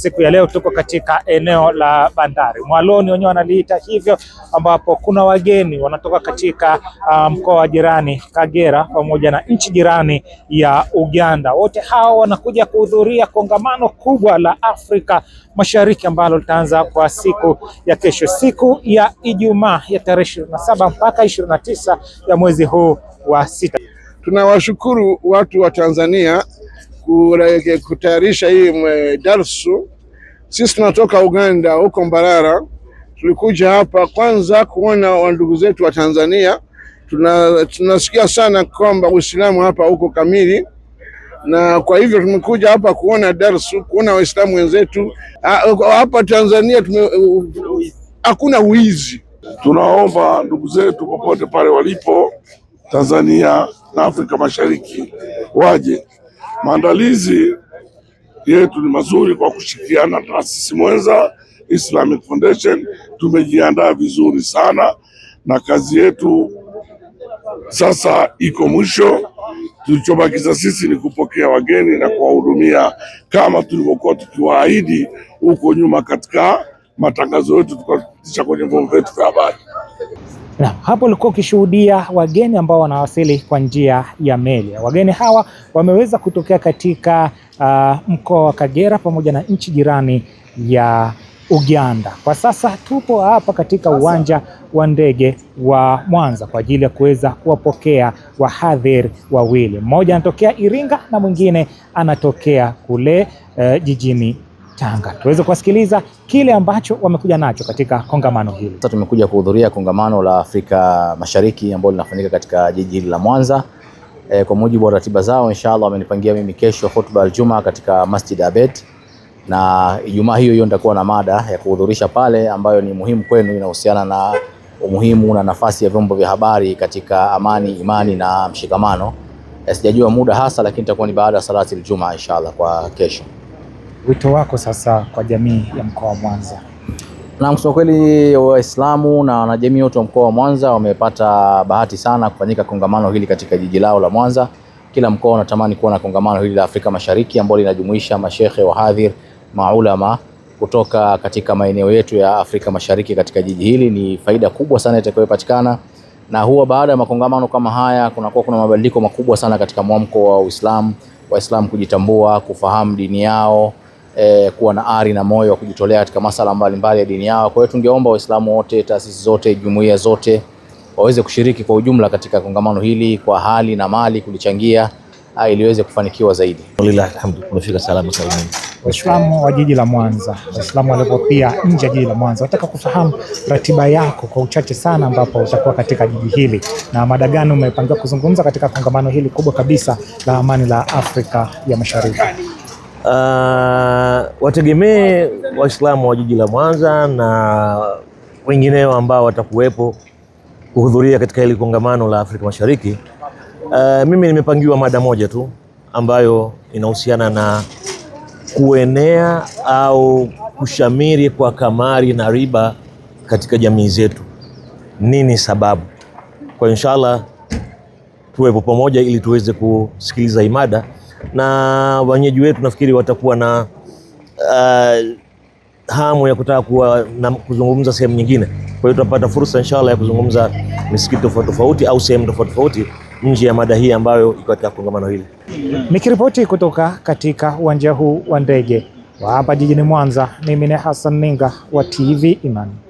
Siku ya leo tuko katika eneo la bandari Mwaloni, wenyewe wanaliita hivyo, ambapo kuna wageni wanatoka katika ah, mkoa um, wa jirani Kagera pamoja na nchi jirani ya Uganda. Wote hao wanakuja kuhudhuria kongamano kubwa la Afrika Mashariki ambalo litaanza kwa siku ya kesho, siku ya Ijumaa ya tarehe ishirini na saba mpaka ishirini na tisa ya mwezi huu wa sita. Tunawashukuru watu wa Tanzania kutayarisha hii darsu. Sisi tunatoka Uganda huko Mbarara, tulikuja hapa kwanza kuona wandugu zetu wa Tanzania. Tuna, tunasikia sana kwamba Uislamu hapa uko kamili, na kwa hivyo tumekuja hapa kuona darsu, kuona Waislamu wenzetu hapa Tanzania. Hakuna wizi. Tunaomba ndugu zetu popote pale walipo Tanzania na Afrika Mashariki waje Maandalizi yetu ni mazuri kwa kushirikiana na taasisi mwenza Islamic Foundation. Tumejiandaa vizuri sana na kazi yetu sasa iko mwisho. Tulichobakiza sisi ni kupokea wageni na kuwahudumia kama tulivyokuwa tukiwaahidi huko nyuma katika matangazo yetu tukapitisha kwenye vyombo vyetu vya habari. Na hapo ulikuwa ukishuhudia wageni ambao wanawasili kwa njia ya meli. Wageni hawa wameweza kutokea katika uh, mkoa wa Kagera pamoja na nchi jirani ya Uganda. Kwa sasa tupo hapa katika uwanja wa ndege wa Mwanza kwa ajili ya kuweza kuwapokea wahadhiri wawili. Mmoja anatokea Iringa na mwingine anatokea kule uh, jijini Tanga tuweze kuwasikiliza kile ambacho wamekuja nacho katika kongamano hili. Sasa tumekuja kuhudhuria kongamano la Afrika Mashariki ambalo linafanyika katika jiji hili la Mwanza. E, kwa mujibu wa ratiba zao inshallah wamenipangia mimi kesho hotuba aljuma katika Masjid Abed, na Ijumaa hiyo hiyo nitakuwa na mada ya kuhudhurisha pale ambayo ni muhimu kwenu, inahusiana na umuhimu na nafasi ya vyombo vya habari katika amani, imani na mshikamano. E, sijajua muda hasa, lakini itakuwa ni baada ya salati aljuma inshallah kwa kesho. Wito wako sasa kwa jamii ya mkoa wa Mwanza? Na kusema kweli, Waislamu na wanajamii wote wa mkoa wa Mwanza wamepata bahati sana kufanyika kongamano hili katika jiji lao la Mwanza. Kila mkoa unatamani kuwa na kongamano hili la Afrika Mashariki ambalo linajumuisha mashehe, wahadhir, maulama kutoka katika maeneo yetu ya Afrika Mashariki katika jiji hili. Ni faida kubwa sana itakayopatikana, na huwa baada ya makongamano kama haya kunakuwa kuna mabadiliko makubwa sana katika mwamko wa Uislamu, Waislamu kujitambua, kufahamu dini yao eh, kuwa na ari na moyo wa kujitolea katika masala mbalimbali ya dini yao. Kwa hiyo tungeomba Waislamu wote, taasisi zote, jumuiya zote waweze kushiriki kwa ujumla katika kongamano hili kwa hali na mali kulichangia ah, ili iweze kufanikiwa zaidi. salama Waislamu wa jiji la Mwanza, Waislamu waliopo pia nje ya jiji la Mwanza, nataka kufahamu ratiba yako kwa uchache sana, ambapo utakuwa katika jiji hili na mada gani umepangiwa kuzungumza katika kongamano hili kubwa kabisa la amani la Afrika ya Mashariki? uh, wategemee Waislamu wa jiji la Mwanza na wengineo ambao watakuwepo kuhudhuria katika hili kongamano la Afrika Mashariki. Uh, mimi nimepangiwa mada moja tu ambayo inahusiana na kuenea au kushamiri kwa kamari na riba katika jamii zetu. Nini sababu? Kwa inshallah tuwepo pamoja ili tuweze kusikiliza imada na wenyeji wetu nafikiri watakuwa na uh, hamu ya kutaka kuwa na kuzungumza sehemu nyingine. Kwa hiyo tutapata fursa inshallah ya kuzungumza misikiti tofauti tofauti au sehemu tofauti tofauti nje ya mada hii ambayo iko katika kongamano hili. Nikiripoti kutoka katika uwanja huu wa ndege wa hapa jijini Mwanza, mimi ni Hassan Ninga wa TV Imani.